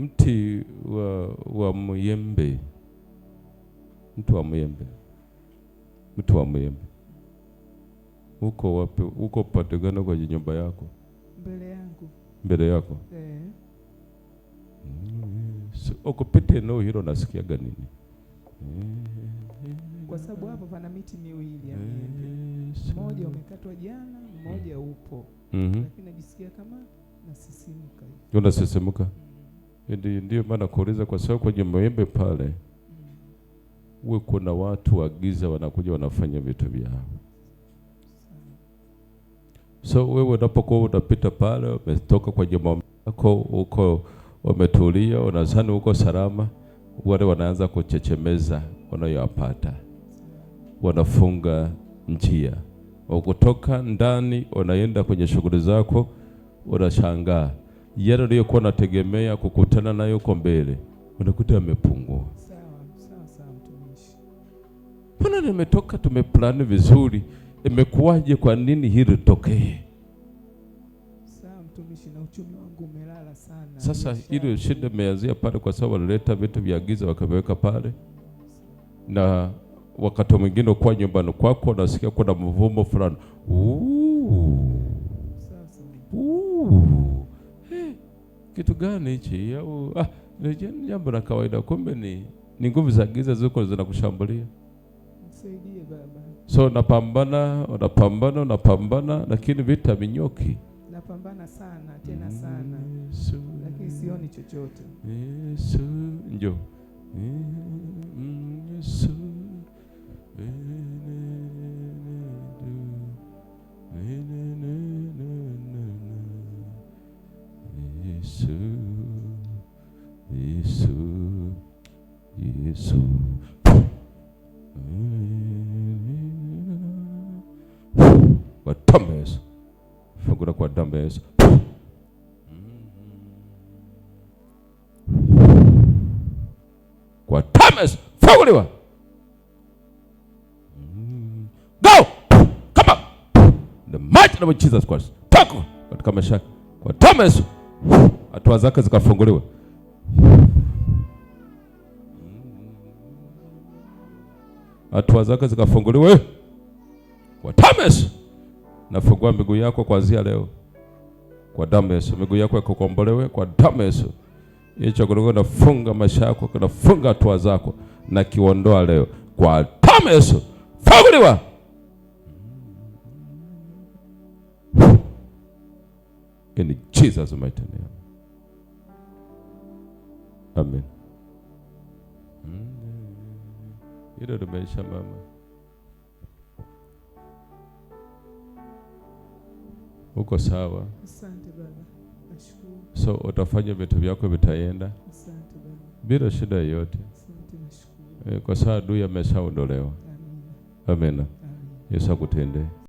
mti wa, wa mwembe, mti wa mwembe, mti wa mwembe uko wapi? Uko pate gani kwenye nyumba yako? Mbele yangu. Mbele yako eh. Ukipita eneo hilo nasikiaga nini? Kwa sababu hapo pana miti miwili ya eh, miembe, mmoja umekatwa jana, mmoja mm-hmm. upo mm -hmm. Lakini najisikia kama nasisimuka, unasisimuka mm. Ndiyo maana kuuliza, kwa sababu kwenye mwembe pale mm. uwe kuna watu wa giza wanakuja wanafanya vitu vyao. So wewe unapokuwa unapita pale, umetoka kwenye mwembe wako, uko umetulia, unazani uko salama, wale wanaanza kuchechemeza unayoyapata, wanafunga njia, ukutoka ndani unaenda kwenye shughuli zako, unashangaa yale aliyokuwa nategemea kukutana nayo kwa mbele, unakuta yamepungua. Mbona nimetoka, tumeplani vizuri, imekuwaje? Kwa nini hili tokee Sasa hilo shida imeanzia pale, kwa sababu walileta vitu vya giza wakaviweka pale, na wakati mwingine kwa nyumbani kwako nasikia kuna mvumo fulani kitu gani hichi? Au ah, ni jambo la kawaida, kumbe ni ni nguvu za giza ziko zinakushambulia. Nisaidie baba. So unapambana, unapambana, unapambana lakini vita vinyoki. Napambana sana, tena mm, sana. Lakini sioni chochote. Yesu, njoo. Mm. Yesu, Yesu. Kwa damu ya Yesu. Fungura kwa damu ya Yesu. Kwa damu ya Yesu. Funguliwa. Go! Come up! The mighty name of Jesus Christ. Toka katika maisha. Kwa damu ya Yesu. Hatua zake zikafunguliwa. Mm. hatua zake zikafunguliwe kwa damu Yesu. Nafungua miguu yako kuanzia leo kwa damu Yesu, miguu yako ikakombolewe kwa damu Yesu. Hicho kidogo nafunga maisha yako, kinafunga hatua zako na kiondoa leo kwa damu Yesu, funguliwa. In Jesus mighty name. Amen. Hilo mm-hmm. mama. Uko sawa? Asante baba. Nashukuru. So utafanya vitu vyako vitaenda. Asante baba. Bila shida yoyote. Asante nashukuru. Eh, kwa saa adui ameshaondolewa. Amina. Amen. Yesu akutendee.